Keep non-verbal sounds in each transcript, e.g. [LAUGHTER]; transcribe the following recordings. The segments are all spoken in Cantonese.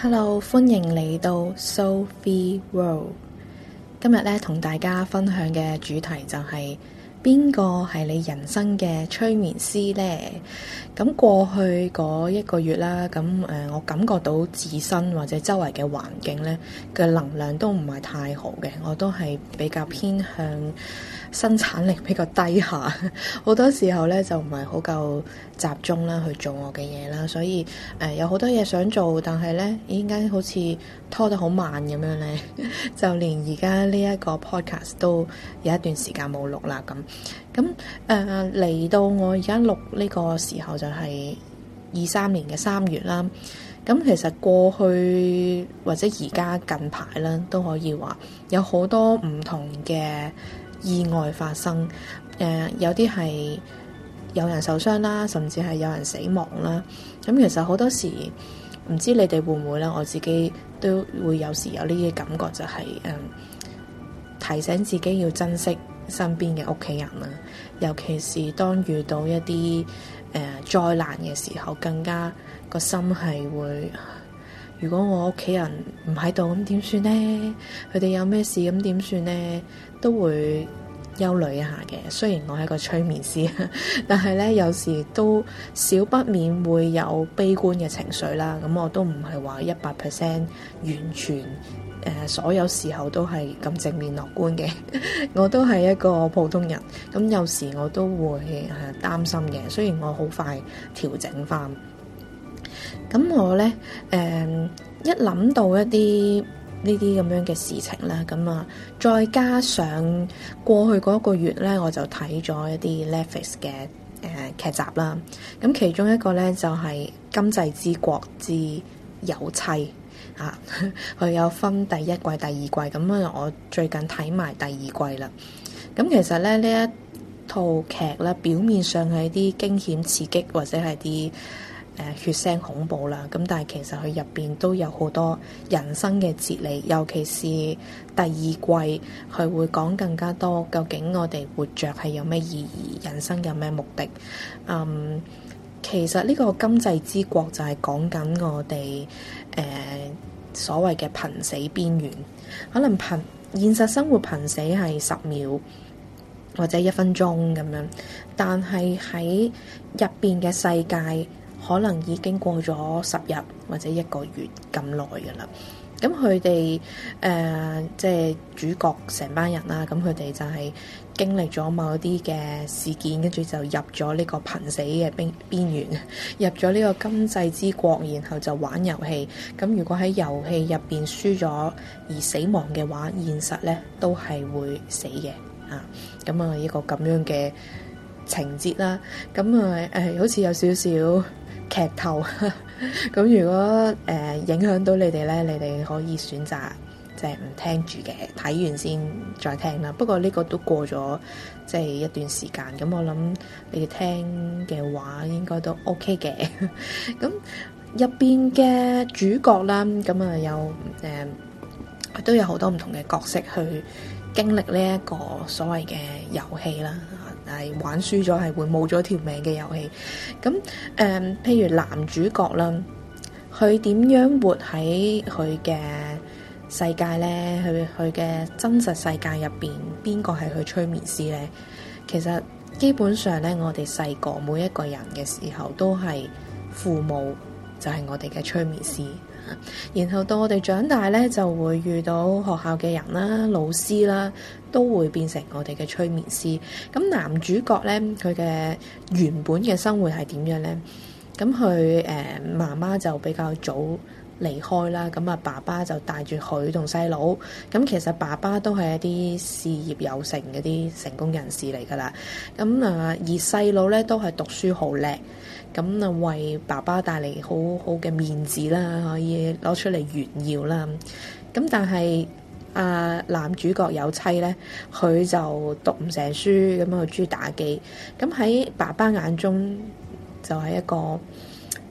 Hello，歡迎嚟到 Soul Free World。今日咧同大家分享嘅主題就係、是。邊個係你人生嘅催眠師呢？咁過去嗰一個月啦，咁誒、呃，我感覺到自身或者周圍嘅環境呢，嘅能量都唔係太好嘅，我都係比較偏向生產力比較低下，好 [LAUGHS] 多時候呢就唔係好夠集中啦去做我嘅嘢，啦，所以誒、呃、有好多嘢想做，但係呢點解、欸、好似拖得好慢咁樣呢， [LAUGHS] 就連而家呢一個 podcast 都有一段時間冇錄啦，咁。咁誒嚟到我而家錄呢個時候就係二三年嘅三月啦。咁其實過去或者而家近排啦，都可以話有好多唔同嘅意外發生。誒、呃，有啲係有人受傷啦，甚至係有人死亡啦。咁其實好多時唔知你哋會唔會呢，我自己都會有時有呢啲感覺、就是，就係誒提醒自己要珍惜。身邊嘅屋企人啦，尤其是當遇到一啲誒災難嘅時候，更加個心係會，如果我屋企人唔喺度，咁點算呢？佢哋有咩事，咁點算呢？都會憂慮一下嘅，雖然我係一個催眠師，但係咧有時都少不免會有悲觀嘅情緒啦。咁我都唔係話一百 percent 完全誒、呃，所有時候都係咁正面樂觀嘅。 [LAUGHS] 我都係一個普通人，咁有時我都會誒擔心嘅。雖然我好快調整翻，咁我呢，誒、呃、一諗到一啲，呢啲咁樣嘅事情啦，咁啊，再加上過去嗰一個月呢，我就睇咗一啲 Netflix 嘅誒、呃、劇集啦。咁其中一個呢，就係、是《今際之國之有棲》啊，佢 [LAUGHS] 有分第一季、第二季，咁啊，我最近睇埋第二季啦。咁其實咧，呢一套劇咧，表面上係啲驚險刺激，或者係啲。血腥恐怖啦，咁但係其實佢入邊都有好多人生嘅哲理，尤其是第二季佢會講更加多，究竟我哋活着係有咩意義，人生有咩目的？嗯，其實呢個今際之國就係講緊我哋誒、呃、所謂嘅瀕死邊緣，可能瀕現實生活瀕死係十秒或者一分鐘咁樣，但係喺入邊嘅世界，可能已經過咗十日或者一個月咁耐㗎啦。咁佢哋誒，即係主角成班人啦。咁佢哋就係經歷咗某啲嘅事件，跟住就入咗呢個瀕死嘅邊邊緣，入咗呢個今際之國，然後就玩遊戲。咁如果喺遊戲入邊輸咗而死亡嘅話，現實呢都係會死嘅啊。咁啊，一個咁樣嘅情節啦。咁啊誒，好似有少少～劇透咁 [LAUGHS] 如果誒、呃、影響到你哋咧，你哋可以選擇即係唔聽住嘅，睇完先再聽啦。不過呢個都過咗即係一段時間，咁我諗你哋聽嘅話應該都 OK 嘅。咁入邊嘅主角啦，咁啊有誒、呃、都有好多唔同嘅角色去經歷呢一個所謂嘅遊戲啦。玩輸咗係會冇咗條命嘅遊戲，咁誒，嗯、譬如男主角啦，佢點樣活喺佢嘅世界呢？佢佢嘅真實世界入邊，邊個係佢催眠師呢？其實基本上呢，我哋細個每一個人嘅時候，都係父母就係我哋嘅催眠師。然後到我哋長大咧，就會遇到學校嘅人啦、老師啦，都會變成我哋嘅催眠師。咁男主角咧，佢嘅原本嘅生活係點樣咧？咁佢誒，媽媽就比較早離開啦，咁啊，爸爸就帶住佢同細佬。咁其實爸爸都係一啲事業有成嘅啲成功人士嚟噶㗎啦。咁啊、呃，而細佬咧都係讀書好叻。咁就為爸爸帶嚟好好嘅面子啦，可以攞出嚟炫耀啦。咁但係啊，男主角有妻咧，佢就讀唔成書，咁啊中意打機。咁喺爸爸眼中就係一個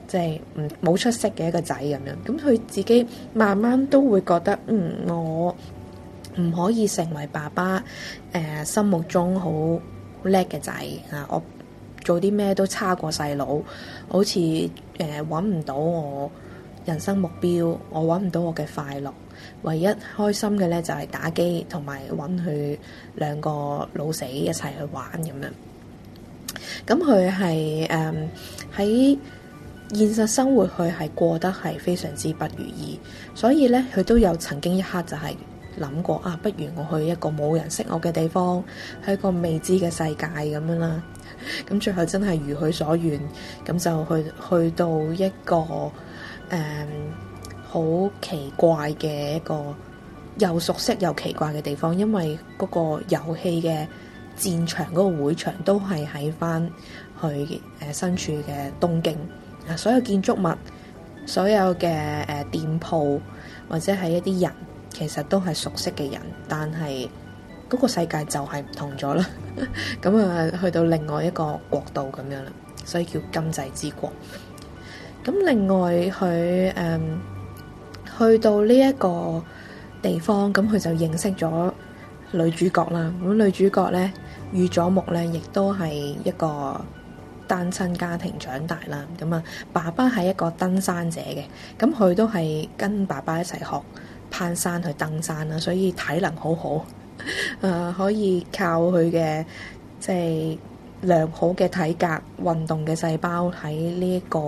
即係唔冇出息嘅一個仔咁樣。咁佢自己慢慢都會覺得，嗯，我唔可以成為爸爸誒、呃、心目中好叻嘅仔啊！我做啲咩都差過細佬，好似誒搵唔到我人生目標，我搵唔到我嘅快樂。唯一開心嘅呢，就係打機，同埋搵佢兩個老死一齊去玩咁樣。咁佢係誒喺現實生活佢係過得係非常之不如意，所以呢，佢都有曾經一刻就係諗過啊，不如我去一個冇人識我嘅地方，去個未知嘅世界咁樣啦。咁最後真係如佢所願，咁就去去到一個誒好、嗯、奇怪嘅一個又熟悉又奇怪嘅地方，因為嗰個遊戲嘅戰場嗰、嗰個會場都係喺翻佢誒身處嘅東京啊，所有建築物、所有嘅誒店鋪或者係一啲人，其實都係熟悉嘅人，但係。嗰個世界就係唔同咗啦，咁 [LAUGHS] 啊去到另外一個國度咁樣啦，所以叫金仔之國。咁另外佢誒、嗯、去到呢一個地方，咁佢就認識咗女主角啦。咁女主角呢，遇咗木呢，亦都係一個單親家庭長大啦。咁啊，爸爸係一個登山者嘅，咁佢都係跟爸爸一齊學攀山去登山啦，所以體能好好。誒、呃，可以靠佢嘅即係良好嘅體格、運動嘅細胞喺呢一個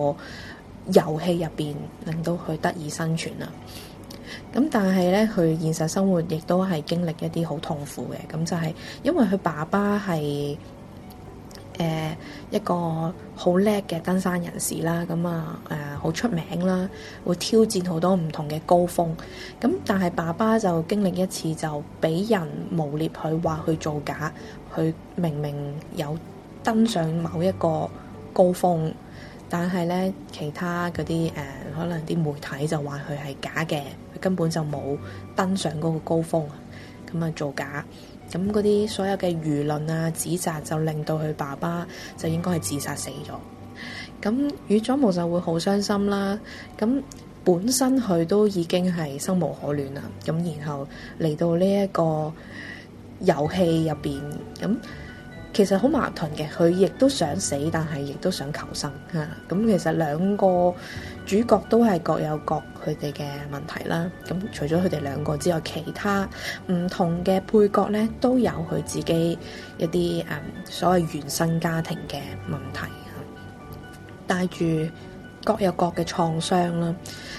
遊戲入邊，令到佢得以生存啦。咁但係咧，佢現實生活亦都係經歷一啲好痛苦嘅。咁就係因為佢爸爸係誒、呃、一個好叻嘅登山人士啦。咁啊誒。呃好出名啦，會挑戰好多唔同嘅高峰。咁但係爸爸就經歷一次就，就俾人誣蔑佢話佢造假。佢明明有登上某一個高峰，但係呢，其他嗰啲誒可能啲媒體就話佢係假嘅，佢根本就冇登上嗰個高峰。咁啊造假，咁嗰啲所有嘅輿論啊指責，就令到佢爸爸就應該係自殺死咗。咁雨莊木就會好傷心啦。咁本身佢都已經係生無可戀啦。咁然後嚟到呢一個遊戲入邊，咁其實好矛盾嘅。佢亦都想死，但係亦都想求生吓。咁其實兩個主角都係各有各佢哋嘅問題啦。咁除咗佢哋兩個之外，其他唔同嘅配角呢，都有佢自己一啲誒所謂原生家庭嘅問題。帶住各有各嘅創傷啦，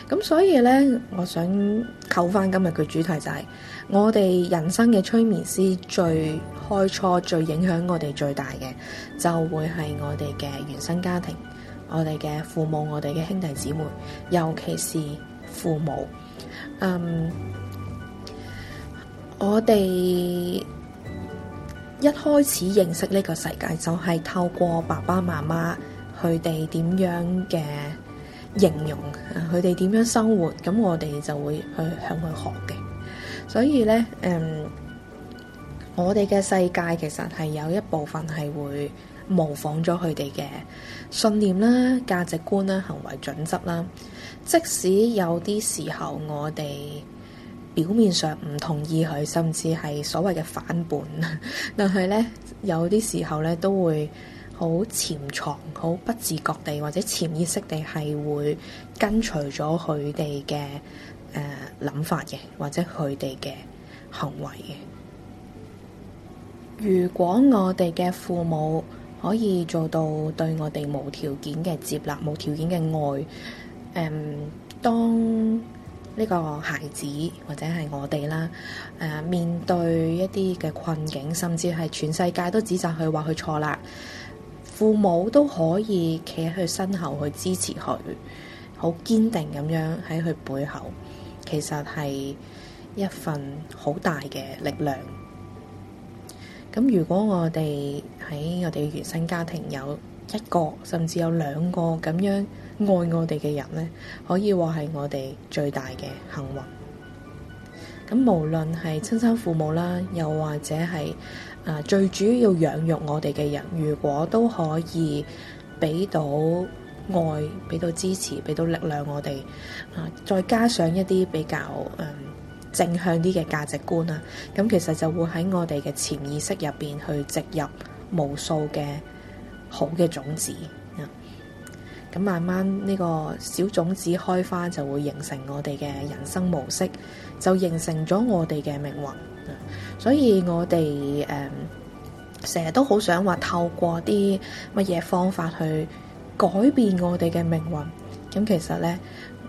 咁所以呢，我想扣翻今日嘅主題就係，我哋人生嘅催眠師最開初，最影響我哋最大嘅，就會係我哋嘅原生家庭、我哋嘅父母、我哋嘅兄弟姊妹，尤其是父母。嗯，我哋一開始認識呢個世界就係透過爸爸媽媽。佢哋點樣嘅形容，佢哋點樣生活，咁我哋就會去向佢學嘅。所以呢，誒、嗯，我哋嘅世界其實係有一部分係會模仿咗佢哋嘅信念啦、價值觀啦、行為準則啦。即使有啲時候我哋表面上唔同意佢，甚至係所謂嘅反叛，但係呢，有啲時候呢都會。好潛藏、好不自覺地，或者潛意識地，係會跟隨咗佢哋嘅誒諗法嘅，或者佢哋嘅行為嘅。如果我哋嘅父母可以做到對我哋無條件嘅接納、無條件嘅愛，誒、嗯，當呢個孩子或者係我哋啦，誒、呃，面對一啲嘅困境，甚至係全世界都指責佢話佢錯啦。父母都可以企喺佢身後去支持佢，好堅定咁樣喺佢背後，其實係一份好大嘅力量。咁如果我哋喺我哋原生家庭有一個甚至有兩個咁樣愛我哋嘅人咧，可以話係我哋最大嘅幸運。咁無論係親生父母啦，又或者係。啊，最主要養育我哋嘅人，如果都可以俾到愛、俾到支持、俾到力量我哋，啊，再加上一啲比較誒、呃、正向啲嘅價值觀啊，咁其實就會喺我哋嘅潛意識入邊去植入無數嘅好嘅種子啊，咁慢慢呢個小種子開花就會形成我哋嘅人生模式，就形成咗我哋嘅命運。所以我哋誒，成日都好想話透過啲乜嘢方法去改變我哋嘅命運。咁、嗯、其實咧，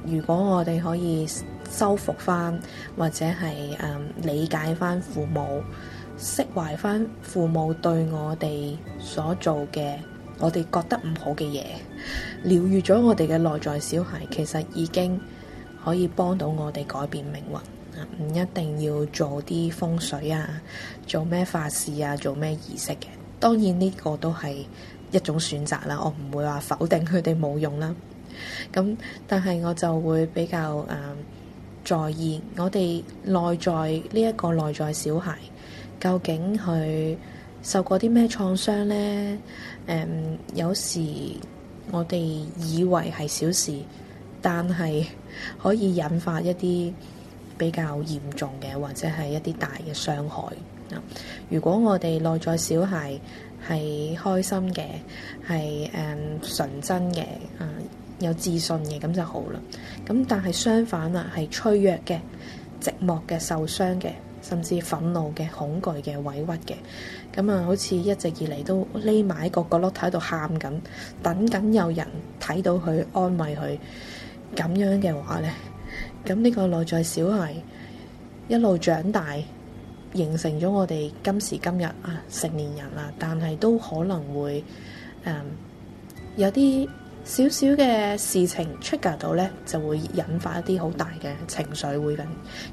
如果我哋可以修復翻，或者係誒、嗯、理解翻父母，釋懷翻父母對我哋所做嘅我哋覺得唔好嘅嘢，療癒咗我哋嘅內在小孩，其實已經可以幫到我哋改變命運。唔一定要做啲風水啊，做咩法事啊，做咩儀式嘅？當然呢個都係一種選擇啦。我唔會話否定佢哋冇用啦。咁但係我就會比較誒、呃、在意我哋內在呢一個內在小孩，究竟佢受過啲咩創傷呢？誒、呃，有時我哋以為係小事，但係可以引發一啲。比較嚴重嘅，或者係一啲大嘅傷害啊！如果我哋內在小孩係開心嘅，係誒、嗯、純真嘅，誒、嗯、有自信嘅，咁就好啦。咁但係相反啊，係脆弱嘅、寂寞嘅、受傷嘅，甚至憤怒嘅、恐懼嘅、委屈嘅，咁啊、呃，好似一直以嚟都匿埋喺個角落睇到喊緊，等緊有人睇到佢安慰佢，咁樣嘅話呢。咁呢個內在小孩一路長大，形成咗我哋今時今日啊成年人啦，但係都可能會誒有啲少少嘅事情 trigger 到呢，就會引發一啲好大嘅情緒，會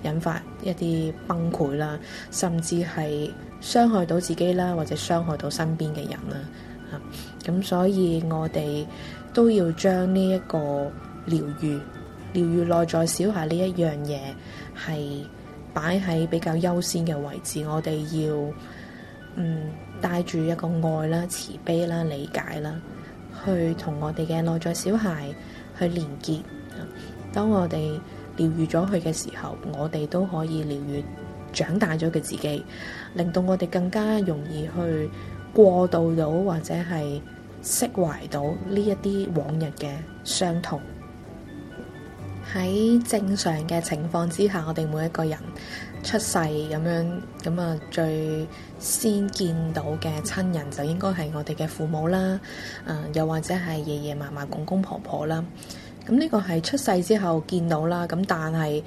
引發一啲崩潰啦，甚至係傷害到自己啦，或者傷害到身邊嘅人啦。啊，咁所以我哋都要將呢一個療愈。療癒內在小孩呢一樣嘢，係擺喺比較優先嘅位置。我哋要嗯帶住一個愛啦、慈悲啦、理解啦，去同我哋嘅內在小孩去連結。當我哋療癒咗佢嘅時候，我哋都可以療癒長大咗嘅自己，令到我哋更加容易去過渡到或者係釋懷到呢一啲往日嘅傷痛。喺正常嘅情況之下，我哋每一個人出世咁樣咁啊，最先見到嘅親人就應該係我哋嘅父母啦，呃、又或者係爺爺嫲嫲、公公婆婆啦。咁、嗯、呢、呢個係出世之後見到啦。咁但係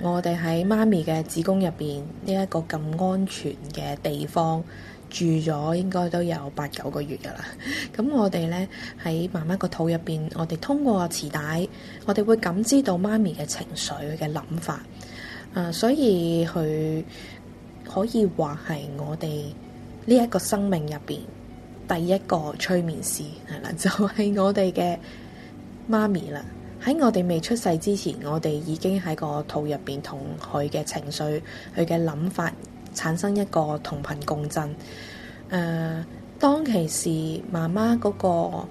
我哋喺媽咪嘅子宮入邊呢一個咁安全嘅地方，住咗應該都有八九個月㗎喇，咁 [LAUGHS] 我哋呢，喺媽媽個肚入邊，我哋通過臍帶，我哋會感知到媽咪嘅情緒、佢嘅諗法，啊、呃，所以佢可以話係我哋呢一個生命入邊第一個催眠師係啦，就係、是、我哋嘅媽咪啦。喺我哋未出世之前，我哋已經喺個肚入邊同佢嘅情緒、佢嘅諗法。產生一個同頻共振。誒、呃，當其時媽媽嗰個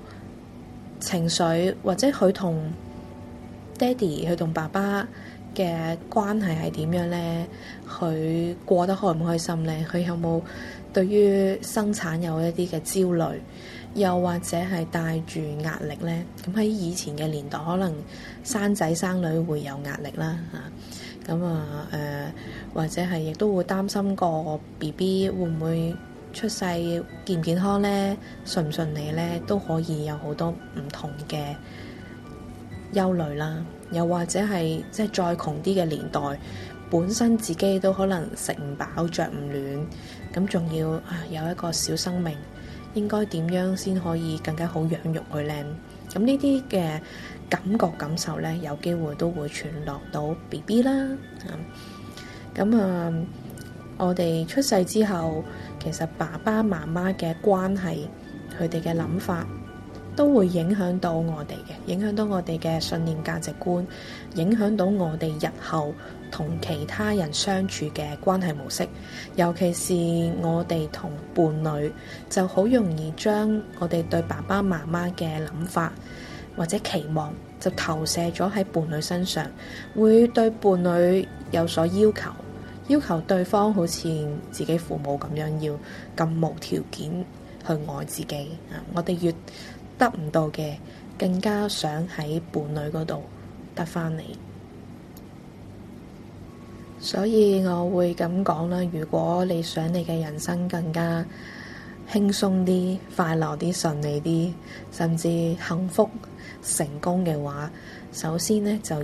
情緒，或者佢同爹哋，佢同爸爸嘅關係係點樣呢？佢過得開唔開心呢？佢有冇對於生產有一啲嘅焦慮，又或者係帶住壓力呢？咁喺以前嘅年代，可能生仔生女會有壓力啦，嚇。咁啊，誒、呃、或者係亦都會擔心個 BB 會唔會出世，健唔健康呢？順唔順利呢？都可以有好多唔同嘅憂慮啦。又或者係即係再窮啲嘅年代，本身自己都可能食唔飽、着唔暖，咁仲要啊有一個小生命，應該點樣先可以更加好養育佢呢？咁呢啲嘅。感覺感受呢，有機會都會傳落到 BB 啦。咁、嗯、啊、嗯，我哋出世之後，其實爸爸媽媽嘅關係，佢哋嘅諗法，都會影響到我哋嘅，影響到我哋嘅信念價值觀，影響到我哋日後同其他人相處嘅關係模式，尤其是我哋同伴侶，就好容易將我哋對爸爸媽媽嘅諗法，或者期望就投射咗喺伴侶身上，會對伴侶有所要求，要求對方好似自己父母咁樣，要咁無條件去愛自己。我哋越得唔到嘅，更加想喺伴侶嗰度得翻嚟。所以我會咁講啦，如果你想你嘅人生更加輕鬆啲、快樂啲、順利啲，甚至幸福。成功嘅話，首先呢，就要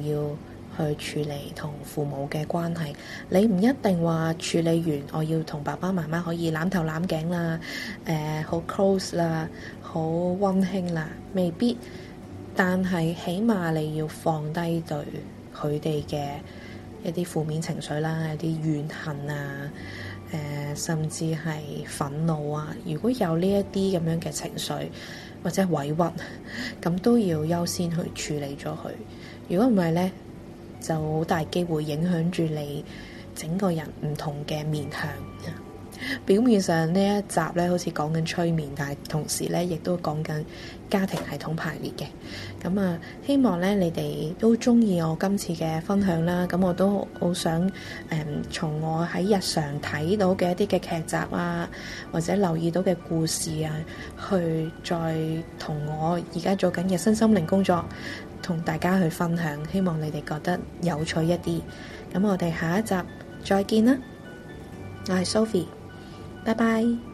去處理同父母嘅關係。你唔一定話處理完，我要同爸爸媽媽可以攬頭攬頸啦，誒、呃，好 close 啦，好温馨啦，未必。但係，起碼你要放低對佢哋嘅一啲負面情緒啦，有一啲怨恨啊，誒、呃，甚至係憤怒啊。如果有呢一啲咁樣嘅情緒，或者委屈，咁都要優先去處理咗佢。如果唔係咧，就好大機會影響住你整個人唔同嘅面向。表面上呢一集呢好似講緊催眠，但係同時呢亦都講緊家庭系統排列嘅。咁啊，希望呢你哋都中意我今次嘅分享啦。咁我都好想誒，從、嗯、我喺日常睇到嘅一啲嘅劇集啊，或者留意到嘅故事啊，去再同我而家做緊嘅身心靈工作，同大家去分享。希望你哋覺得有趣一啲。咁我哋下一集再見啦。我係 Sophie。拜拜。